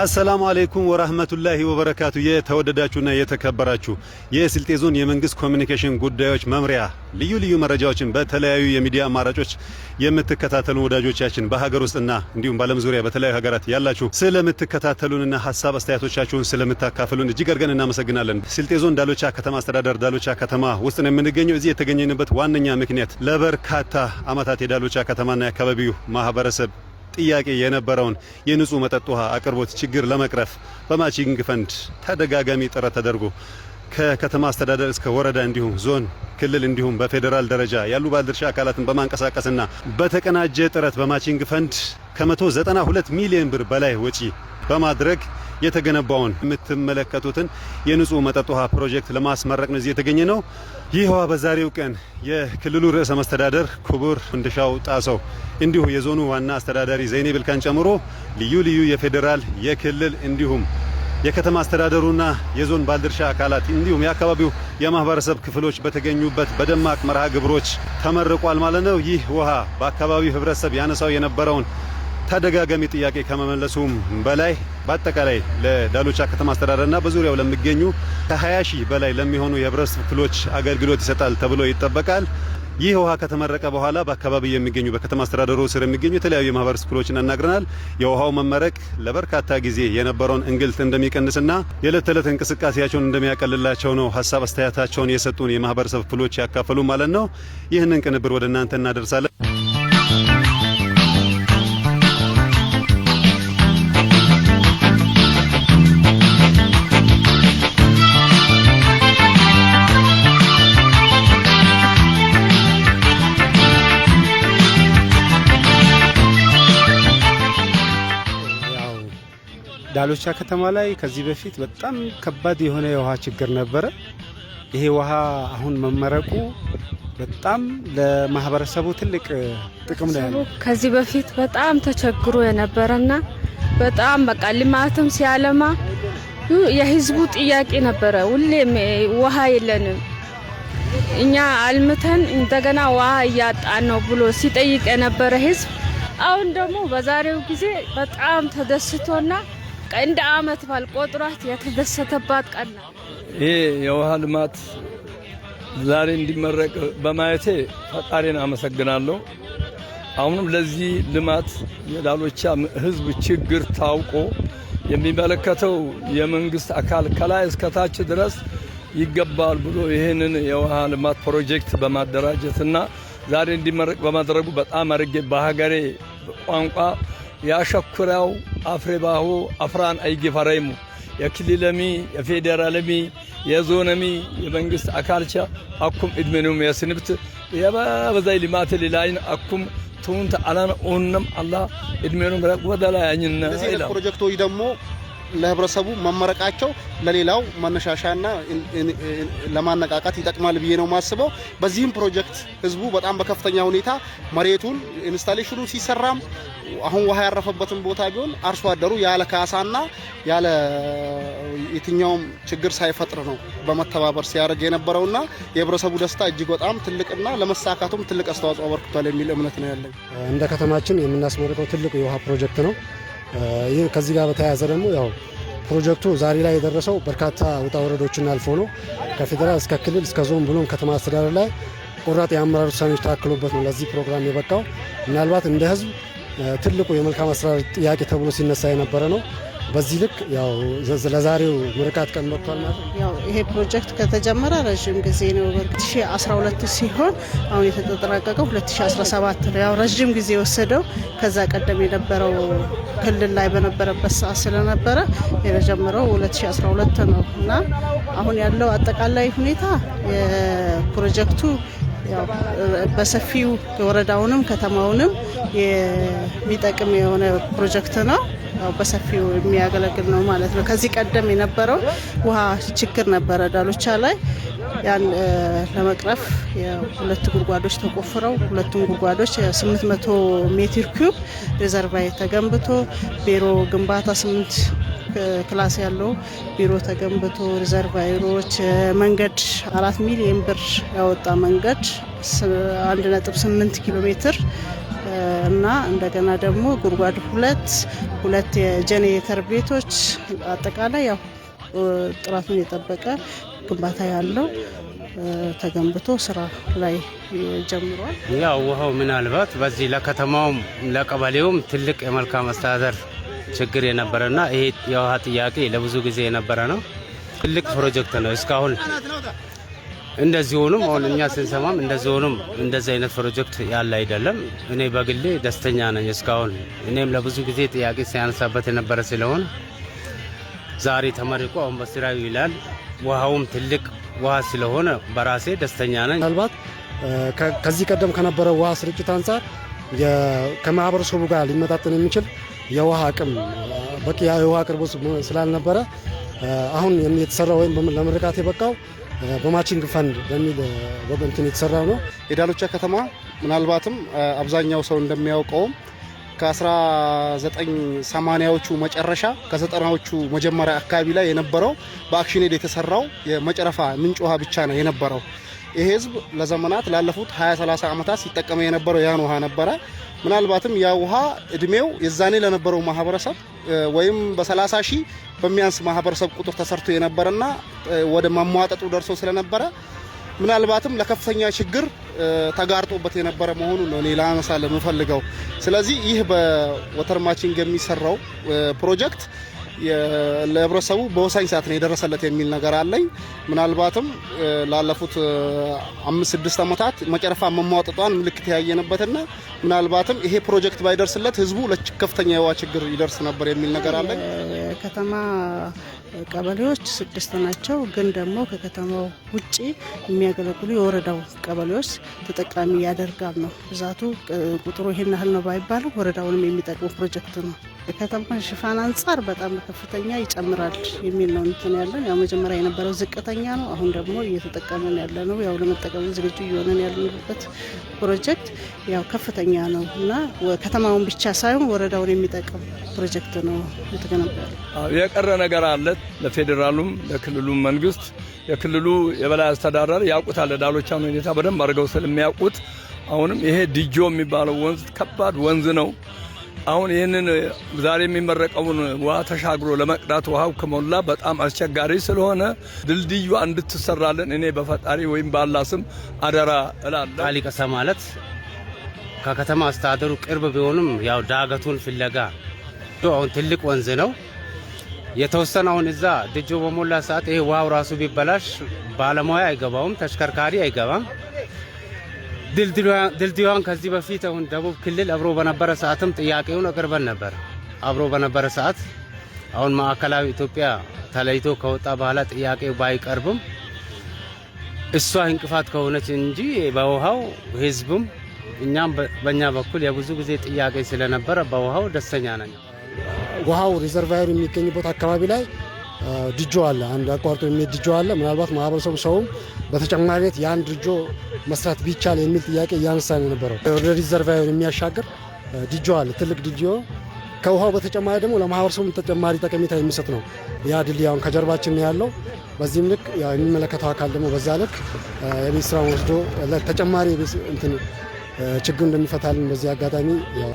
አሰላሙ አሌይኩም ወራህመቱላሂ ወበረካቱ። የተወደዳችሁና የተከበራችሁ የስልጤ ዞን የመንግስት ኮሚኒኬሽን ጉዳዮች መምሪያ ልዩ ልዩ መረጃዎችን በተለያዩ የሚዲያ አማራጮች የምትከታተሉን ወዳጆቻችን በሀገር ውስጥና እንዲሁም በዓለም ዙሪያ በተለያዩ ሀገራት ያላችሁ ስለምትከታተሉንና ሀሳብ አስተያየቶቻችሁን ስለምታካፍሉን እጅግ አድርገን እናመሰግናለን። ስልጤ ዞን ዳሎቻ ከተማ አስተዳደር ዳሎቻ ከተማ ውስጥ ነው የምንገኘው። እዚህ የተገኘንበት ዋነኛ ምክንያት ለበርካታ ዓመታት የዳሎቻ ከተማና የአካባቢው ማህበረሰብ ጥያቄ የነበረውን የንጹህ መጠጥ ውሃ አቅርቦት ችግር ለመቅረፍ በማቺንግ ፈንድ ተደጋጋሚ ጥረት ተደርጎ ከከተማ አስተዳደር እስከ ወረዳ እንዲሁም ዞን፣ ክልል እንዲሁም በፌዴራል ደረጃ ያሉ ባለድርሻ አካላትን በማንቀሳቀስና በተቀናጀ ጥረት በማቺንግ ፈንድ ከ192 ሚሊዮን ብር በላይ ወጪ በማድረግ የተገነባውን የምትመለከቱትን የንጹህ መጠጥ ውሃ ፕሮጀክት ለማስመረቅ ነው እዚህ የተገኘ ነው። ይህ ውሃ በዛሬው ቀን የክልሉ ርዕሰ መስተዳደር ክቡር እንዳሻው ጣሰው እንዲሁ የዞኑ ዋና አስተዳዳሪ ዘይኔ ብልካን ጨምሮ ልዩ ልዩ የፌዴራል የክልል እንዲሁም የከተማ አስተዳደሩና የዞን ባልድርሻ አካላት እንዲሁም የአካባቢው የማህበረሰብ ክፍሎች በተገኙበት በደማቅ መርሃ ግብሮች ተመርቋል ማለት ነው። ይህ ውሃ በአካባቢው ህብረተሰብ ያነሳው የነበረውን ተደጋጋሚ ጥያቄ ከመመለሱም በላይ በአጠቃላይ ለዳሎቻ ከተማ አስተዳደርና በዙሪያው ለሚገኙ ከ20 ሺህ በላይ ለሚሆኑ የህብረተሰብ ክፍሎች አገልግሎት ይሰጣል ተብሎ ይጠበቃል። ይህ ውሃ ከተመረቀ በኋላ በአካባቢ የሚገኙ በከተማ አስተዳደሩ ስር የሚገኙ የተለያዩ የማህበረሰብ ክፍሎችን አናግረናል። የውሃው መመረቅ ለበርካታ ጊዜ የነበረውን እንግልት እንደሚቀንስና የዕለት ተዕለት እንቅስቃሴያቸውን እንደሚያቀልላቸው ነው ሀሳብ አስተያየታቸውን የሰጡን የማህበረሰብ ክፍሎች ያካፈሉ ማለት ነው። ይህንን ቅንብር ወደ እናንተ እናደርሳለን። ዳሎቻ ከተማ ላይ ከዚህ በፊት በጣም ከባድ የሆነ የውሃ ችግር ነበረ። ይሄ ውሃ አሁን መመረቁ በጣም ለማህበረሰቡ ትልቅ ጥቅም ነው ያለው። ከዚህ በፊት በጣም ተቸግሮ የነበረና በጣም በቃ ልማትም ሲያለማ የህዝቡ ጥያቄ ነበረ። ሁሌም ውሃ የለንም እኛ አልምተን እንደገና ውሃ እያጣን ነው ብሎ ሲጠይቅ የነበረ ህዝብ አሁን ደግሞ በዛሬው ጊዜ በጣም ተደስቶና እንደ አመት ባል ቆጥሯት የተደሰተባት ቀን ነው። ይህ የውሃ ልማት ዛሬ እንዲመረቅ በማየቴ ፈጣሪን አመሰግናለሁ። አሁንም ለዚህ ልማት የዳሎቻ ህዝብ ችግር ታውቆ የሚመለከተው የመንግስት አካል ከላይ እስከታች ድረስ ይገባል ብሎ ይህንን የውሃ ልማት ፕሮጀክት በማደራጀትና ዛሬ እንዲመረቅ በማድረጉ በጣም አድርጌ በሀገሬ ቋንቋ ያሸኩረው አፍሪባሁ አፍራን አይጌፋረይሙ የክልለሚ የፌዴራልሚ የዞነሚ የመንግስት አካልቻ አኩም እድሜኑም የስንብት የበዛይ ልማት ሊላይን አኩም ቱንተ አላን ኦነም አላ እድሜኑም ረቅ ወደላያኝና ፕሮጀክቶች ደግሞ ለህብረተሰቡ መመረቃቸው ለሌላው መነሻሻና ለማነቃቃት ይጠቅማል ብዬ ነው የማስበው። በዚህም ፕሮጀክት ህዝቡ በጣም በከፍተኛ ሁኔታ መሬቱን ኢንስታሌሽኑ ሲሰራም አሁን ውሃ ያረፈበትን ቦታ ቢሆን አርሶ አደሩ ያለ ካሳና ያለ የትኛውም ችግር ሳይፈጥር ነው በመተባበር ሲያደርግ የነበረውና የህብረተሰቡ ደስታ እጅግ በጣም ትልቅና ለመሳካቱም ትልቅ አስተዋጽኦ አበርክቷል የሚል እምነት ነው ያለኝ። እንደ ከተማችን የምናስመርቀው ትልቅ የውሃ ፕሮጀክት ነው። ይህ ከዚህ ጋር በተያያዘ ደግሞ ያው ፕሮጀክቱ ዛሬ ላይ የደረሰው በርካታ ውጣ ወረዶችን አልፎ ነው። ከፌዴራል እስከ ክልል እስከ ዞን ብሎም ከተማ አስተዳደር ላይ ቆራጥ የአመራር ውሳኔዎች ታክሎበት ነው ለዚህ ፕሮግራም የበቃው። ምናልባት እንደ ህዝብ ትልቁ የመልካም አስተዳደር ጥያቄ ተብሎ ሲነሳ የነበረ ነው። በዚህ ልክ ያው ለዛሬው ምርቃት ቀን መጥቷል ማለት ነው። ያው ይሄ ፕሮጀክት ከተጀመረ ረዥም ጊዜ ነው። በ2012 ሲሆን አሁን የተጠጠናቀቀው 2017 ነው። ያው ረዥም ጊዜ የወሰደው ከዛ ቀደም የነበረው ክልል ላይ በነበረበት ሰዓት ስለነበረ የተጀመረው 2012 ነው እና አሁን ያለው አጠቃላይ ሁኔታ የፕሮጀክቱ በሰፊው ወረዳውንም ከተማውንም የሚጠቅም የሆነ ፕሮጀክት ነው። ያው በሰፊው የሚያገለግል ነው ማለት ነው። ከዚህ ቀደም የነበረው ውሃ ችግር ነበረ ዳሎቻ ላይ ያን ለመቅረፍ ሁለት ጉድጓዶች ተቆፍረው ሁለቱም ጉድጓዶች 800 ሜትር ኪዩብ ሪዘርቫይ ተገንብቶ ቢሮ ግንባታ 8 ክላስ ያለው ቢሮ ተገንብቶ ሪዘርቫይሮች መንገድ አራት ሚሊዮን ብር ያወጣ መንገድ 1.8 ኪሎ ሜትር እና እንደገና ደግሞ ጉድጓድ ሁለት ሁለት የጄኔሬተር ቤቶች አጠቃላይ ያው ጥራቱን የጠበቀ ግንባታ ያለው ተገንብቶ ስራ ላይ ጀምሯል። ያው ውሃው ምናልባት በዚህ ለከተማውም ለቀበሌውም ትልቅ የመልካም አስተዳደር ችግር የነበረ እና ይሄ የውሃ ጥያቄ ለብዙ ጊዜ የነበረ ነው። ትልቅ ፕሮጀክት ነው እስካሁን እንደዚህ ሆኑም አሁን እኛ ስንሰማም እንደዚህ ሆኑም እንደዚህ አይነት ፕሮጀክት ያለ አይደለም። እኔ በግሌ ደስተኛ ነኝ እስካሁን። እኔም ለብዙ ጊዜ ጥያቄ ሲያነሳበት የነበረ ስለሆነ ዛሬ ተመርቆ አሁን በስራዊ ይላል። ውሃውም ትልቅ ውሃ ስለሆነ በራሴ ደስተኛ ነኝ። ምናልባት ከዚህ ቀደም ከነበረው ውሃ ስርጭት አንጻር ከማህበረሰቡ ጋር ሊመጣጠን የሚችል የውሃ አቅም በቂ የውሃ አቅርቦት ስላልነበረ አሁን የተሰራ ወይም ለምርቃት የበቃው በማቺንግ ፈንድ በሚል በእንትን የተሰራ ነው። የዳሎቻ ከተማ ምናልባትም አብዛኛው ሰው እንደሚያውቀውም ከ1980ዎቹ መጨረሻ ከዘጠናዎቹ መጀመሪያ አካባቢ ላይ የነበረው በአክሽን የተሰራው የመጨረፋ ምንጭ ውሃ ብቻ ነው የነበረው። ይህ ህዝብ ለዘመናት ላለፉት 20 30 ዓመታት ሲጠቀመ የነበረው ያን ውሃ ነበረ። ምናልባትም ያ ውሃ እድሜው የዛኔ ለነበረው ማህበረሰብ ወይም በሰላሳ ሺህ በሚያንስ ማህበረሰብ ቁጥር ተሰርቶ የነበረና ወደ ማሟጠጡ ደርሶ ስለነበረ ምናልባትም ለከፍተኛ ችግር ተጋርጦበት የነበረ መሆኑን ነው እኔ ላነሳ ለምፈልገው። ስለዚህ ይህ በወተር ማቺንግ የሚሰራው ፕሮጀክት ለህብረተሰቡ በወሳኝ ሰዓት ነው የደረሰለት የሚል ነገር አለኝ። ምናልባትም ላለፉት አምስት ስድስት ዓመታት መጨረፋ መሟጠጧን ምልክት ያየንበትና ምናልባትም ይሄ ፕሮጀክት ባይደርስለት ህዝቡ ለከፍተኛ የውሃ ችግር ይደርስ ነበር የሚል ነገር አለኝ። ከተማ ቀበሌዎች ስድስት ናቸው። ግን ደግሞ ከከተማው ውጭ የሚያገለግሉ የወረዳው ቀበሌዎች ተጠቃሚ ያደርጋል ነው ብዛቱ ቁጥሩ ይህን ያህል ነው ባይባልም ወረዳውንም የሚጠቅሙ ፕሮጀክት ነው። የከተማ ሽፋን አንጻር በጣም ከፍተኛ ይጨምራል የሚል ነው እንትን ያለን ያው መጀመሪያ የነበረው ዝቅተኛ ነው። አሁን ደግሞ እየተጠቀመን ያለ ነው ያው ለመጠቀም ዝግጁ እየሆነን ያለንበት ፕሮጀክት ያው ከፍተኛ ነው እና ከተማውን ብቻ ሳይሆን ወረዳውን የሚጠቅም ፕሮጀክት ነው የተገነባ የቀረ ነገር አለ። ለፌዴራሉም ለክልሉም መንግስት የክልሉ የበላይ አስተዳደር ያውቁታል፣ ዳሎቻን ሁኔታ በደንብ አድርገው ስለሚያውቁት አሁንም ይሄ ዲጆ የሚባለው ወንዝ ከባድ ወንዝ ነው። አሁን ይህንን ዛሬ የሚመረቀውን ውሃ ተሻግሮ ለመቅዳት ውሃው ከሞላ በጣም አስቸጋሪ ስለሆነ ድልድዩ እንድትሰራለን እኔ በፈጣሪ ወይም ባላ ስም አደራ እላለሁ። ቃሊቀሳ ማለት ከከተማ አስተዳደሩ ቅርብ ቢሆንም ያው ዳገቱን ፍለጋ አሁን ትልቅ ወንዝ ነው። የተወሰነ አሁን እዛ ድጆ በሞላ ሰዓት ይሄ ውሃው ራሱ ቢበላሽ ባለሙያ አይገባውም፣ ተሽከርካሪ አይገባም። ድልድዩን ከዚህ በፊት አሁን ደቡብ ክልል አብሮ በነበረ ሰዓትም ጥያቄውን አቅርበን ነበር። አብሮ በነበረ ሰዓት አሁን ማዕከላዊ ኢትዮጵያ ተለይቶ ከወጣ በኋላ ጥያቄው ባይቀርብም እሷ እንቅፋት ከሆነች እንጂ በውሃው ህዝቡም እኛም በእኛ በኩል የብዙ ጊዜ ጥያቄ ስለነበረ በውሃው ደስተኛ ነኝ። ውሃው ሪዘርቫየር የሚገኝበት አካባቢ ላይ ድጆ አለ። አንድ አቋርጦ የሚሄድ ድጆ አለ። ምናልባት ማህበረሰቡ ሰውም በተጨማሪነት የአንድ ድጆ መስራት ቢቻል የሚል ጥያቄ እያነሳ ነው የነበረው። ወደ ሪዘርቫየሩ የሚያሻግር ድጆ አለ። ትልቅ ድጆ ከውሃው በተጨማሪ ደግሞ ለማህበረሰቡ ተጨማሪ ጠቀሜታ የሚሰጥ ነው። ያ ድልድይ አሁን ከጀርባችን ያለው በዚህም ልክ የሚመለከተው አካል ደግሞ በዛ ልክ የቤት ስራ ወስዶ ተጨማሪ ችግር እንደሚፈታልን በዚህ አጋጣሚ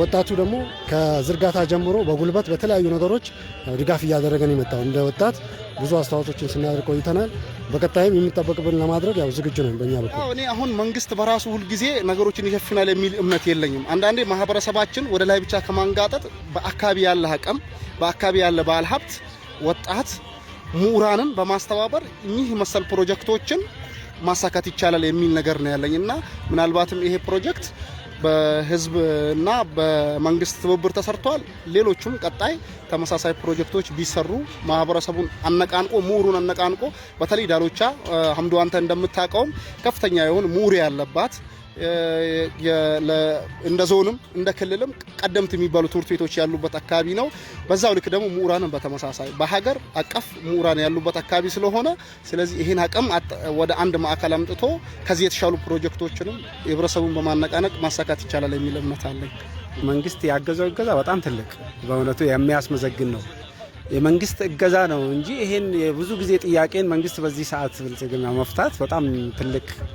ወጣቱ ደግሞ ከዝርጋታ ጀምሮ በጉልበት በተለያዩ ነገሮች ድጋፍ እያደረገን የመጣው እንደ ወጣት ብዙ አስተዋጽኦችን ስናደርግ ቆይተናል። በቀጣይም የሚጠበቅብን ለማድረግ ያው ዝግጁ ነን። በእኛ በኩል እኔ አሁን መንግስት በራሱ ሁልጊዜ ነገሮችን ይሸፍናል የሚል እምነት የለኝም። አንዳንዴ ማህበረሰባችን ወደ ላይ ብቻ ከማንጋጠጥ በአካባቢ ያለ አቅም በአካባቢ ያለ ባለሀብት፣ ወጣት፣ ምሁራንን በማስተባበር እኚህ መሰል ፕሮጀክቶችን ማሳካት ይቻላል የሚል ነገር ነው ያለኝ እና ምናልባትም ይሄ ፕሮጀክት በህዝብ እና በመንግስት ትብብር ተሰርተዋል። ሌሎቹም ቀጣይ ተመሳሳይ ፕሮጀክቶች ቢሰሩ ማህበረሰቡን አነቃንቆ ምሁሩን አነቃንቆ በተለይ ዳሎቻ ሀምዶ አንተ እንደምታውቀውም ከፍተኛ የሆን ምሁር ያለባት እንደ ዞንም እንደ ክልልም ቀደምት የሚባሉ ትምህርት ቤቶች ያሉበት አካባቢ ነው። በዛው ልክ ደግሞ ምሁራንም በተመሳሳይ በሀገር አቀፍ ምሁራን ያሉበት አካባቢ ስለሆነ ስለዚህ ይህን አቅም ወደ አንድ ማዕከል አምጥቶ ከዚህ የተሻሉ ፕሮጀክቶችንም ህብረተሰቡን በማነቃነቅ ማሳካት ይቻላል የሚል እምነት አለኝ። መንግስት ያገዘው እገዛ በጣም ትልቅ በእውነቱ የሚያስመዘግን ነው። የመንግስት እገዛ ነው እንጂ ይሄን የብዙ ጊዜ ጥያቄን መንግስት በዚህ ሰዓት ብልጽግና መፍታት በጣም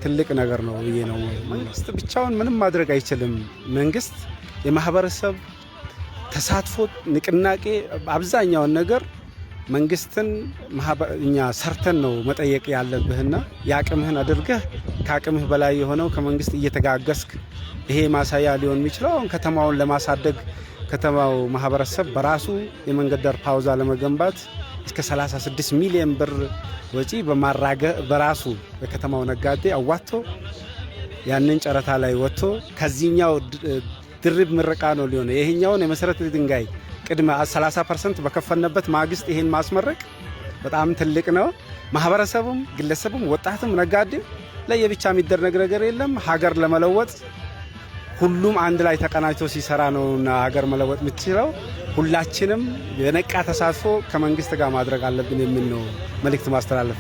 ትልቅ ነገር ነው ብዬ ነው። መንግስት ብቻውን ምንም ማድረግ አይችልም። መንግስት የማህበረሰብ ተሳትፎ ንቅናቄ፣ አብዛኛውን ነገር መንግስትን እኛ ሰርተን ነው መጠየቅ ያለብህና የአቅምህን አድርገህ ከአቅምህ በላይ የሆነው ከመንግስት እየተጋገስክ ይሄ ማሳያ ሊሆን የሚችለው አሁን ከተማውን ለማሳደግ ከተማው ማህበረሰብ በራሱ የመንገድ ዳር ፓውዛ ለመገንባት እስከ 36 ሚሊዮን ብር ወጪ በማራገ በራሱ የከተማው ነጋዴ አዋጥቶ ያንን ጨረታ ላይ ወጥቶ ከዚህኛው ድርብ ምረቃ ነው ሊሆነ ይህኛውን የመሰረት ድንጋይ ቅድመ 30 ፐርሰንት በከፈነበት ማግስት ይሄን ማስመረቅ በጣም ትልቅ ነው። ማህበረሰቡም ግለሰቡም ወጣትም ነጋዴም ለየብቻ የሚደረግ ነገር የለም። ሀገር ለመለወጥ ሁሉም አንድ ላይ ተቀናጅቶ ሲሰራ ነውና ሀገር መለወጥ የምትችለው። ሁላችንም የነቃ ተሳትፎ ከመንግስት ጋር ማድረግ አለብን የሚል ነው መልእክት ማስተላለፍ።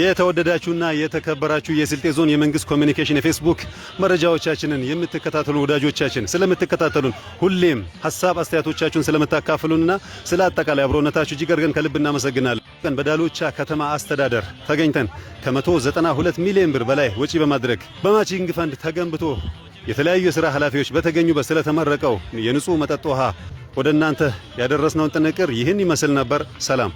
የተወደዳችሁና የተከበራችሁ የስልጤ ዞን የመንግስት ኮሚኒኬሽን የፌስቡክ መረጃዎቻችንን የምትከታተሉ ወዳጆቻችን ስለምትከታተሉን ሁሌም ሀሳብ አስተያየቶቻችሁን ስለምታካፍሉንና ስለ አጠቃላይ አብሮነታችሁ እጅግ አድርገን ከልብ እናመሰግናለን። በዳሎቻ ከተማ አስተዳደር ተገኝተን ከ192 ሚሊዮን ብር በላይ ወጪ በማድረግ በማቺንግ ፈንድ ተገንብቶ የተለያዩ የሥራ ኃላፊዎች በተገኙበት ስለተመረቀው የንጹሕ መጠጥ ውሃ ወደ እናንተ ያደረስነውን ጥንቅር ይህን ይመስል ነበር። ሰላም።